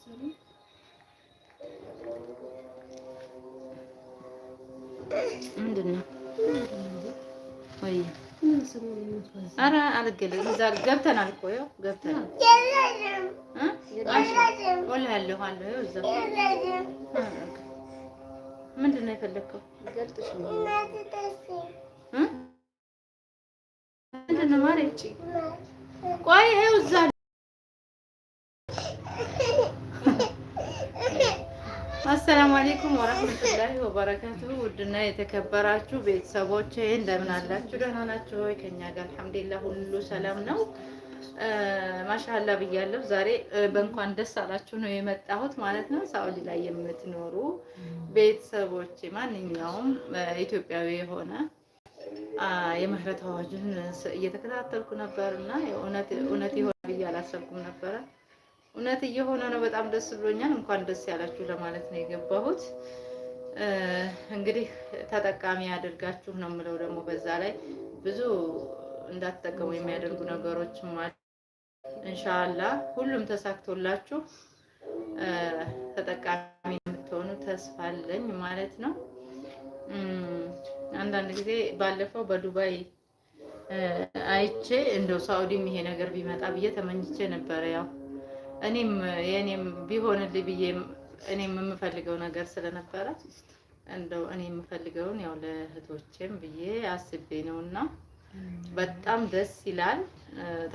መሰሉ ምንድን ነው? ወይ ኧረ እዛ ገብተናል እኮ ይኸው ገብተናል። እልሀለሁ አለ ይኸው እዛ ምንድን ነው የፈለግከው? ምንድን ነው ማርያም አሰላሙ አሌይኩም ወረህመቱላሂ ወበረካቱሁ። ውድና የተከበራችሁ ቤተሰቦች እንደምን አላችሁ? ደህና ናችሁ ወይ? ከእኛ ጋር አልሐምዱሊላህ ሁሉ ሰላም ነው። ማሻላ ብያለሁ። ዛሬ በእንኳን ደስ አላችሁ ነው የመጣሁት ማለት ነው። ሳኡዲ ላይ የምትኖሩ ቤተሰቦች፣ ማንኛውም ኢትዮጵያዊ የሆነ የምህረት አዋጅን እየተከታተልኩ ነበር እና እውነት የሆነ ብዬ አላሰብኩም ነበረ እውነት እየሆነ ነው። በጣም ደስ ብሎኛል። እንኳን ደስ ያላችሁ ለማለት ነው የገባሁት። እንግዲህ ተጠቃሚ ያደርጋችሁ ነው የምለው። ደግሞ በዛ ላይ ብዙ እንዳትጠቀሙ የሚያደርጉ ነገሮች ማለት እንሻላ ሁሉም ተሳክቶላችሁ ተጠቃሚ የምትሆኑ ተስፋ አለኝ ማለት ነው። አንዳንድ ጊዜ ባለፈው በዱባይ አይቼ እንደው ሳኡዲም ይሄ ነገር ቢመጣ ብዬ ተመኝቼ ነበረ ያው እኔም የእኔም ቢሆንልኝ ብዬ እኔም የምፈልገው ነገር ስለነበረ እንደው እኔ የምፈልገውን ያው ለእህቶቼም ብዬ አስቤ ነው እና በጣም ደስ ይላል።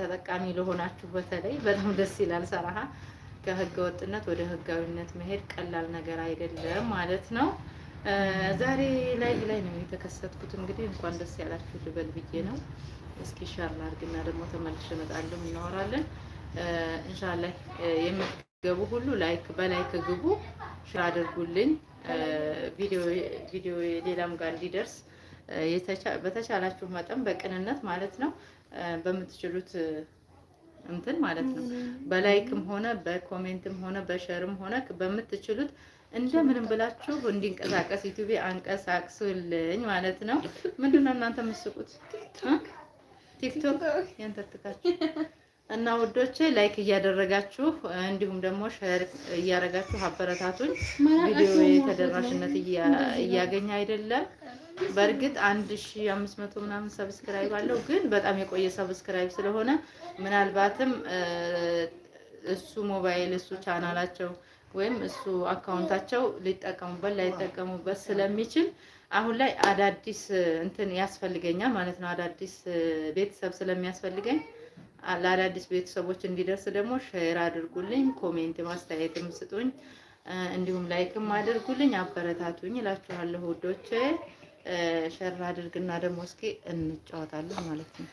ተጠቃሚ ለሆናችሁ በተለይ በጣም ደስ ይላል። ሰራሀ ከህገ ወጥነት ወደ ህጋዊነት መሄድ ቀላል ነገር አይደለም ማለት ነው። ዛሬ ላይ ላይ ነው የተከሰትኩት። እንግዲህ እንኳን ደስ ያላችሁ ልበል ብዬ ነው። እስኪ ሻር ላድርግና ደግሞ ተመልሼ እመጣለሁ፣ እናወራለን። ኢንሻአላህ የምትገቡ ሁሉ ላይክ በላይክ ግቡ፣ ሼር አድርጉልኝ። ቪዲዮ ሌላም ጋር እንዲደርስ በተቻላችሁ መጠን በቅንነት ማለት ነው በምትችሉት እንትን ማለት ነው በላይክም ሆነ በኮሜንትም ሆነ በሸርም ሆነ በምትችሉት እንደምንም ብላችሁ እንዲንቀሳቀስ ዩቲዩብ አንቀሳቅሱልኝ ማለት ነው። ምንድነው እናንተ የምትስቁት? ቲክቶክ ያንተርትካችሁ እና ውዶቼ ላይክ እያደረጋችሁ እንዲሁም ደግሞ ሼር እያደረጋችሁ አበረታቱኝ። ቪዲዮ የተደራሽነት እያገኘ አይደለም። በእርግጥ አንድ ሺ አምስት መቶ ምናምን ሰብስክራይብ አለው፣ ግን በጣም የቆየ ሰብስክራይብ ስለሆነ ምናልባትም እሱ ሞባይል እሱ ቻናላቸው ወይም እሱ አካውንታቸው ሊጠቀሙበት ላይጠቀሙበት ስለሚችል አሁን ላይ አዳዲስ እንትን ያስፈልገኛል ማለት ነው። አዳዲስ ቤተሰብ ስለሚያስፈልገኝ ለአዳዲስ ቤተሰቦች እንዲደርስ ደግሞ ሼር አድርጉልኝ፣ ኮሜንት ማስተያየትም ስጡኝ፣ እንዲሁም ላይክም አድርጉልኝ፣ አበረታቱኝ እላችኋለሁ ውዶቼ። ሸር አድርግና ደግሞ እስኪ እንጫወታለን ማለት ነው።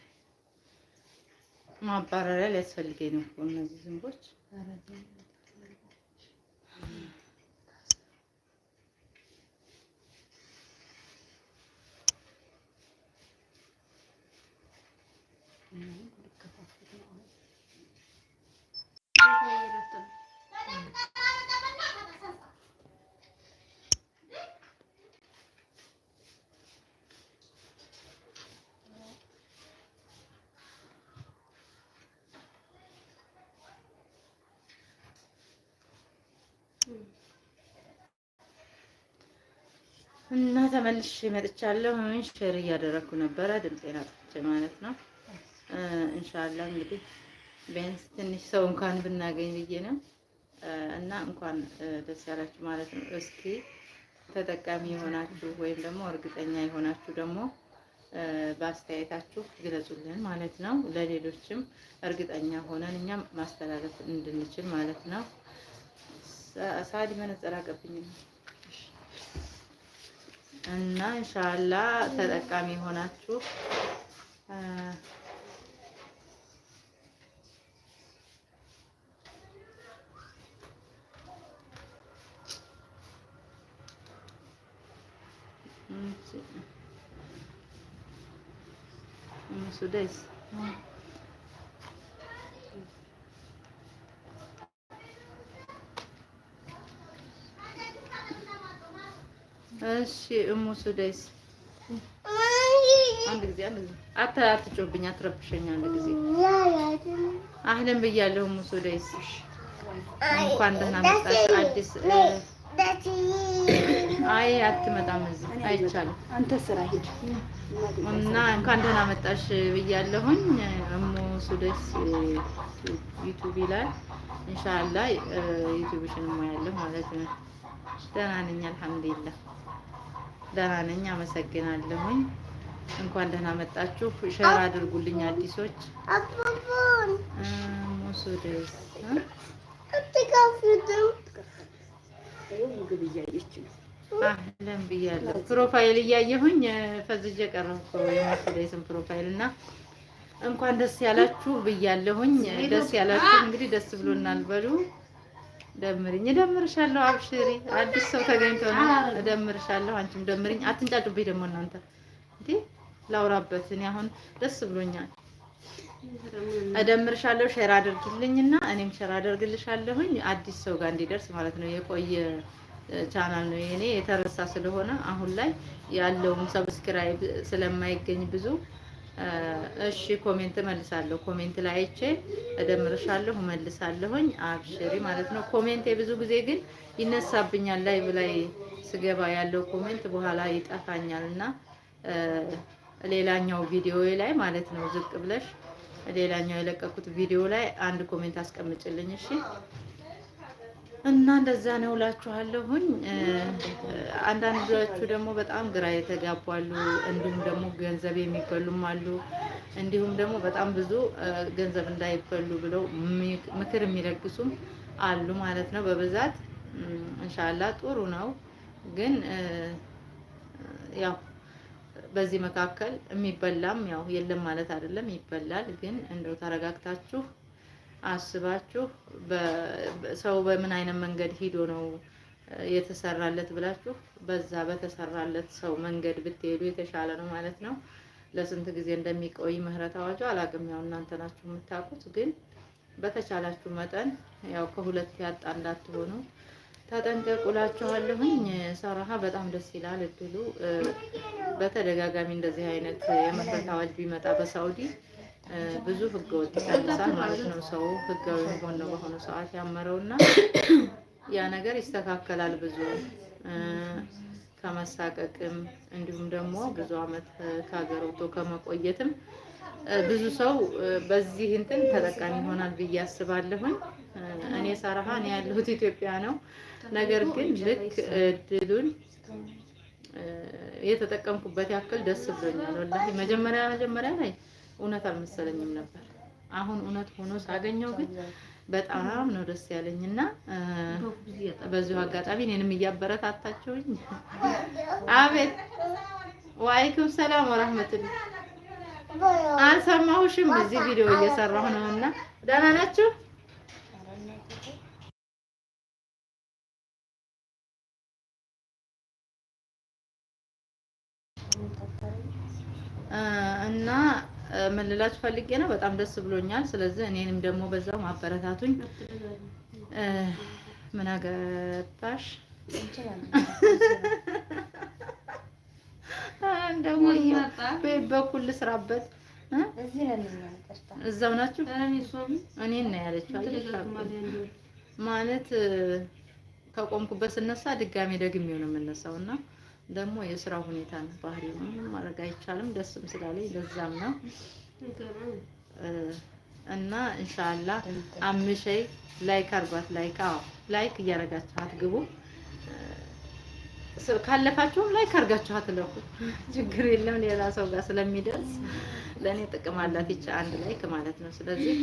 ማባረሪያ ሊያስፈልገኝ ነው እኮ እነዚህ ዝንቦች እና ተመልሼ መጥቻለሁ። ምን ሼር እያደረኩ ነበረ ድምጼን አጥፍቼ ማለት ነው። ኢንሻአላህ እንግዲህ ቢያንስ ትንሽ ሰው እንኳን ብናገኝ ብዬ ነው እና እንኳን ደስ ያላችሁ ማለት ነው። እስኪ ተጠቃሚ የሆናችሁ ወይም ደግሞ እርግጠኛ የሆናችሁ ደግሞ በአስተያየታችሁ ግለጹልን ማለት ነው። ለሌሎችም እርግጠኛ ሆነን እኛም ማስተላለፍ እንድንችል ማለት ነው። ሳዲ መነጽር አቀብኝ ነው እና እንሻላ ተጠቃሚ የሆናችሁ እሱ ደስ እሺ እሙ ደስ አንድ ጊዜ አንድ ጊዜ አታ አትጮብኝ፣ አትረብሸኝ። አንድ ጊዜ አህለም ብያለሁ። እሙ ደስ እንኳን ደህና መጣሽ። አዲስ አይ አትመጣም እዚህ አይቻልም። አንተ ስራ ሂድ እና እንኳን ደህና መጣሽ ብያለሁኝ። እሙ ደስ ዩቲዩብ ይላል። ኢንሻአላህ ዩቲዩብሽን ማያለሁ ማለት ነው። ደህና ነኝ አልሐምዱሊላህ። ደህና ነኝ፣ አመሰግናለሁኝ። እንኳን ደህና መጣችሁ። ሸር አድርጉልኝ አዲሶች። አህለን ብያለሁ። ፕሮፋይል እያየሁኝ ፈዝጀ ቀረብኩ ፕሮፋይል እና እንኳን ደስ ያላችሁ ብያለሁኝ። ደስ ያላችሁ እንግዲህ ደስ ብሎናል በሉ ደምርኝ እደምርሻለሁ። አብሽሪ አዲስ ሰው ተገኝቶ ነው። እደምርሻለሁ፣ አንቺም ደምርኝ። አትንጫጩብኝ ደግሞ እናንተ እንዴ ላውራበት። እኔ አሁን ደስ ብሎኛል። እደምርሻለሁ። ሼር አድርግልኝና እኔም ሼር አደርግልሻለሁኝ አዲስ ሰው ጋር እንዲደርስ ማለት ነው። የቆየ ቻናል ነው የኔ የተረሳ ስለሆነ አሁን ላይ ያለውም ሰብስክራይብ ስለማይገኝ ብዙ እሺ ኮሜንት መልሳለሁ። ኮሜንት ላይ አይቼ እደምርሻለሁ መልሳለሁኝ። አብሽሪ ማለት ነው። ኮሜንት የብዙ ጊዜ ግን ይነሳብኛል። ላይቭ ላይ ስገባ ያለው ኮሜንት በኋላ ይጠፋኛል እና ሌላኛው ቪዲዮ ላይ ማለት ነው ዝቅ ብለሽ ሌላኛው የለቀኩት ቪዲዮ ላይ አንድ ኮሜንት አስቀምጭልኝ እሺ። እና እንደዛ ነው እላችኋለሁኝ። አንዳንዶቹ ደግሞ በጣም ግራ የተጋቡ አሉ፣ እንዲሁም ደግሞ ገንዘብ የሚበሉም አሉ፣ እንዲሁም ደግሞ በጣም ብዙ ገንዘብ እንዳይበሉ ብለው ምክር የሚለግሱም አሉ ማለት ነው በብዛት እንሻላ ጥሩ ነው። ግን ያው በዚህ መካከል የሚበላም ያው የለም ማለት አይደለም፣ ይበላል። ግን እንደው ተረጋግታችሁ አስባችሁ ሰው በምን አይነት መንገድ ሂዶ ነው የተሰራለት ብላችሁ በዛ በተሰራለት ሰው መንገድ ብትሄዱ የተሻለ ነው ማለት ነው። ለስንት ጊዜ እንደሚቆይ ምህረት አዋጁ አላቅም። ያው እናንተ ናችሁ የምታውቁት። ግን በተቻላችሁ መጠን ያው ከሁለት ያጣ እንዳትሆኑ ተጠንቀቁላችኋለሁኝ። ሰራሃ በጣም ደስ ይላል እድሉ። በተደጋጋሚ እንደዚህ አይነት የምህረት አዋጅ ቢመጣ በሳውዲ ብዙ ህገወጥ ይቀንሳል ማለት ነው። ሰው ህጋዊ ነው በሆነ ሰዓት ያመረውና ያ ነገር ይስተካከላል። ብዙ ከመሳቀቅም እንዲሁም ደግሞ ብዙ አመት ከሀገር ወጥቶ ከመቆየትም ብዙ ሰው በዚህ እንትን ተጠቃሚ ይሆናል ብዬ አስባለሁኝ። እኔ ሰራሃ እኔ ያለሁት ኢትዮጵያ ነው። ነገር ግን ልክ እድሉን የተጠቀምኩበት ያክል ደስ ብሎኛል። ወላሂ መጀመሪያ መጀመሪያ ላይ እውነት አልመሰለኝም ነበር። አሁን እውነት ሆኖ ሳገኘው ግን በጣም ነው ደስ ያለኝና በዚሁ አጋጣሚ እኔንም እያበረታታቸውኝ አቤት ዋይኩም ሰላም ወራህመቱላህ። አልሰማሁሽም። እዚህ ቪዲዮ እየሰራሁ ነውና ደህና ናችሁ? ምን ልላችሁ ፈልጌ ነው። በጣም ደስ ብሎኛል። ስለዚህ እኔንም ደግሞ በዛው ማበረታቱኝ። ምን አገባሽ ደግሞ በኩል ልስራበት። እዛው ናችሁ እኔ ነው ያለችው ማለት ከቆምኩበት ስነሳ ድጋሜ ደግሜው ነው የምነሳው እና ደግሞ የስራ ሁኔታ ነው ባህሪ ምንም ማድረግ አይቻልም። ደስም ስላለኝ ለዛም ነው እና ኢንሻአላህ አምሸይ ላይክ አርጓት ላይክ አዎ ላይክ እያረጋችኋት ግቡ። ካለፋችሁም ላይክ አርጋችኋት ለኩ ችግር የለም ሌላ ሰው ጋር ስለሚደርስ ለእኔ ጥቅም አላት ይቻ አንድ ላይክ ማለት ነው። ስለዚህ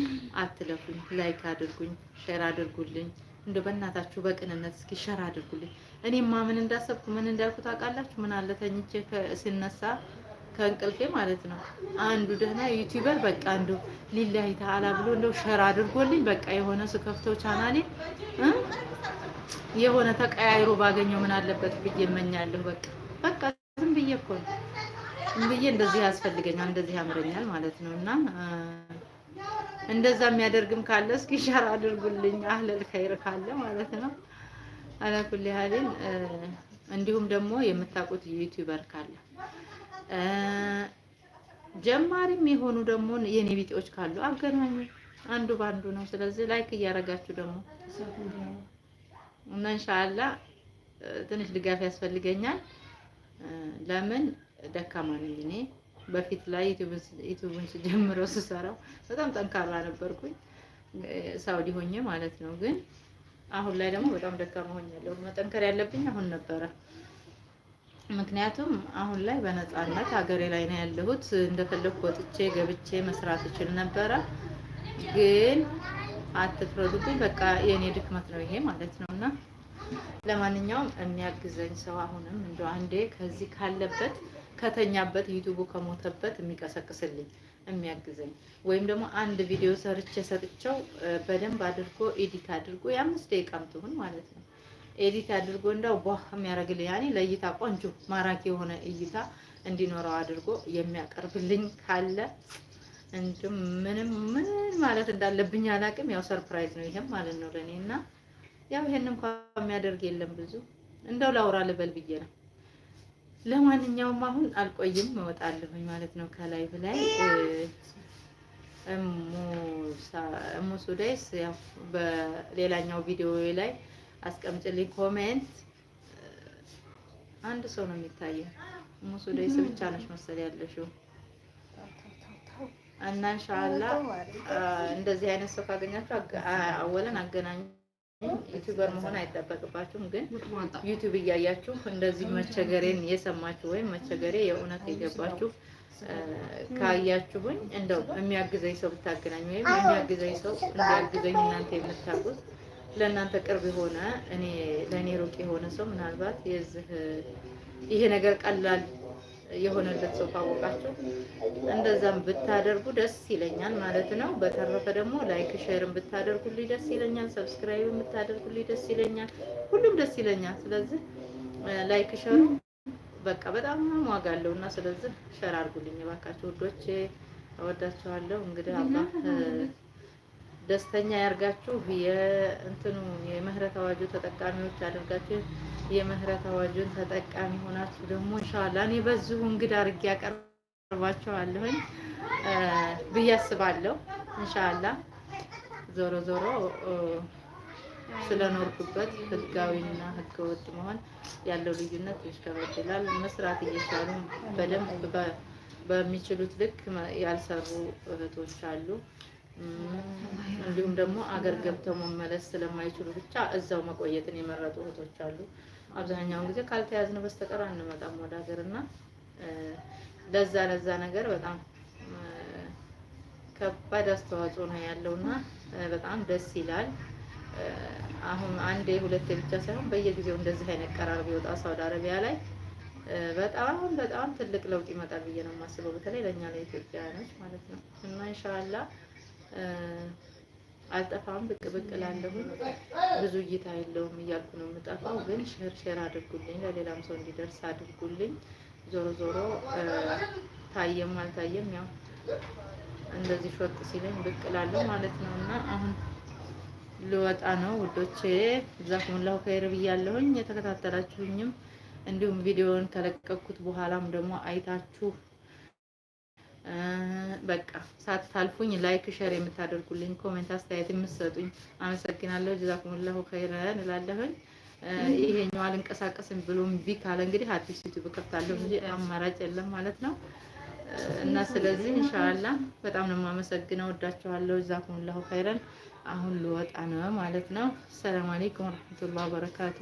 አትለፉኝ፣ ላይክ አድርጉኝ፣ ሼር አድርጉልኝ። እንደ በእናታችሁ በቅንነት እስኪ ሸር አድርጉልኝ። እኔማ ምን እንዳሰብኩ ምን እንዳልኩ ታውቃላችሁ? ምን አለ ተኝቼ ስነሳ ከእንቅልፌ ማለት ነው አንዱ ደህና ዩቲዩበር በቃ አንዱ ሊላይ ተዓላ ብሎ እንደው ሸር አድርጎልኝ በቃ የሆነ ስከፍተው ቻናሌ የሆነ ተቀያይሮ ባገኘው ምን አለበት ብዬ እመኛለሁ። በቃ በቃ ዝም ብዬ እኮ ነው ዝም ብዬ እንደዚህ ያስፈልገኛል እንደዚህ ያምረኛል ማለት ነው እና እንደዛ የሚያደርግም ካለ እስኪ ሻር አድርጉልኝ፣ አህለል ከይር ካለ ማለት ነው። አላኩል ያህልን እንዲሁም ደግሞ የምታውቁት ዩቲዩበር ካለ ጀማሪም የሆኑ ደግሞ የኔ ቢጤዎች ካሉ አገናኙ። አንዱ ባንዱ ነው። ስለዚህ ላይክ እያደረጋችሁ ደግሞ እና ኢንሻአላ ትንሽ ድጋፍ ያስፈልገኛል። ለምን ደካማ ነኝ እኔ በፊት ላይ ዩቲዩብን ስጀምረው ስሰራው በጣም ጠንካራ ነበርኩኝ ሳውዲ ሆኜ ማለት ነው። ግን አሁን ላይ ደግሞ በጣም ደካማ ሆኛለሁ። መጠንከር ያለብኝ አሁን ነበረ። ምክንያቱም አሁን ላይ በነፃነት ሀገሬ ላይ ነው ያለሁት። እንደፈለግኩ ወጥቼ ገብቼ መስራት እችል ነበረ። ግን አትፍረዱብኝ፣ በቃ የእኔ ድክመት ነው ይሄ ማለት ነው እና ለማንኛውም የሚያግዘኝ ሰው አሁንም እንደ አንዴ ከዚህ ካለበት ከተኛበት ዩቲዩቡ ከሞተበት የሚቀሰቅስልኝ የሚያግዘኝ ወይም ደግሞ አንድ ቪዲዮ ሰርቼ ሰጥቼው በደንብ አድርጎ ኤዲት አድርጎ የአምስት ደቂቃም ትሁን ማለት ነው ኤዲት አድርጎ እንዳው ቧ የሚያደርግልኝ ያኔ ለእይታ ቆንጆ ማራኪ የሆነ እይታ እንዲኖረው አድርጎ የሚያቀርብልኝ ካለ እንዲሁም ምንም ምን ማለት እንዳለብኝ አላቅም። ያው ሰርፕራይዝ ነው ይሄም ማለት ነው ለእኔ እና ያው ይሄን እንኳን የሚያደርግ የለም ብዙ እንደው ላውራ ልበል ብዬ ነው። ለማንኛውም አሁን አልቆይም እወጣለሁኝ ማለት ነው። ከላይ ላይ እሙ ሱዳይስ ያው በሌላኛው ቪዲዮ ላይ አስቀምጭልኝ ኮሜንት። አንድ ሰው ነው የሚታየው። እሙ ሱዳይስ ብቻ ነሽ መሰል ያለሽው እና ኢንሻአላህ እንደዚህ አይነት ሰው ካገኛችሁ አወለን አገናኙ። ዩቲዩበር መሆን አይጠበቅባችሁም፣ ግን ዩቲዩብ እያያችሁ እንደዚህ መቸገሬን የሰማችሁ ወይም መቸገሬ የእውነት የገባችሁ ካያችሁኝ እንደው የሚያግዘኝ ሰው ብታገናኝ ወይም የሚያግዘኝ ሰው እንዲያግዘኝ እናንተ የምታውቁት ለእናንተ ቅርብ የሆነ እኔ ለእኔ ሩቅ የሆነ ሰው ምናልባት የዚህ ይሄ ነገር ቀላል የሆነለት ሰው ካወቃችሁ እንደዛም ብታደርጉ ደስ ይለኛል ማለት ነው። በተረፈ ደግሞ ላይክ ሼርን ብታደርጉልኝ ደስ ይለኛል። ሰብስክራይብ ብታደርጉልኝ ደስ ይለኛል። ሁሉም ደስ ይለኛል። ስለዚህ ላይክ ሼሩ በቃ በጣም ዋጋ አለው እና ስለዚህ ሸር አድርጉልኝ እባካችሁ ውዶቼ፣ አወዳችኋለሁ። እንግዲህ አባ ደስተኛ ያርጋችሁ። የእንትኑ የምህረት አዋጁ ተጠቃሚዎች አድርጋችሁ የምህረት አዋጁን ተጠቃሚ ሆናችሁ ደግሞ ኢንሻአላህ እኔ በዚሁ እንግዳ አርጌ ያቀርባችኋለሁኝ ብዬ አስባለሁ። ኢንሻአላህ ዞሮ ዞሮ ስለኖርኩበት ህጋዊና ወጥ መሆን ያለው ልዩነት ይሽከረክ ይላል። መስራት እየቻሉ በደንብ በሚችሉት ልክ ያልሰሩ እህቶች አሉ። እንዲሁም ደግሞ አገር ገብተው መመለስ ስለማይችሉ ብቻ እዛው መቆየትን የመረጡ እህቶች አሉ። አብዛኛውን ጊዜ ካልተያዝን በስተቀር አንመጣም ወደ ሀገር እና ለዛ ለዛ ነገር በጣም ከባድ አስተዋጽኦ ነው ያለውና በጣም ደስ ይላል። አሁን አንዴ ሁለቴ ብቻ ሳይሆን በየጊዜው እንደዚህ አይነት ቀራር ቢወጣ ሳውዲ አረቢያ ላይ በጣም በጣም ትልቅ ለውጥ ይመጣል ብዬ ነው የማስበው። በተለይ ለእኛ ለኢትዮጵያውያኖች ማለት ነው እና ኢንሻአላህ አልጠፋም፣ ብቅ ብቅ ላለሁኝ ብዙ እይታ የለውም እያልኩ ነው የምጠፋው። ግን ሼር ሼር አድርጉልኝ፣ ለሌላም ሰው እንዲደርስ አድርጉልኝ። ዞሮ ዞሮ ታየም አልታየም ያው እንደዚህ ሾጥ ሲለኝ ብቅ እላለሁ ማለት ነው እና አሁን ልወጣ ነው ውዶቼ። ጀዛኩሙላሁ ኸይር ብያለሁኝ። የተከታተላችሁኝም እንዲሁም ቪዲዮውን ከለቀኩት በኋላም ደግሞ አይታችሁ በቃ ሳታልፉኝ ላይክ ሸር የምታደርጉልኝ ኮሜንት አስተያየት የምትሰጡኝ አመሰግናለሁ። ጀዛኩሙላሁ ኸይረን እላለሁኝ። ይሄኛው አልንቀሳቀስም ብሎ እምቢ ካለ እንግዲህ አዲስ ዩቲዩብ እከፍታለሁ እንጂ አማራጭ የለም ማለት ነው። እና ስለዚህ ኢንሻአላህ በጣም ነው የማመሰግነው። ወዳችኋለሁ። ጀዛኩሙላሁ ኸይረን። አሁን ልወጣ ነው ማለት ነው። ሰላም አለይኩም ወራህመቱላሂ ወበረካቱ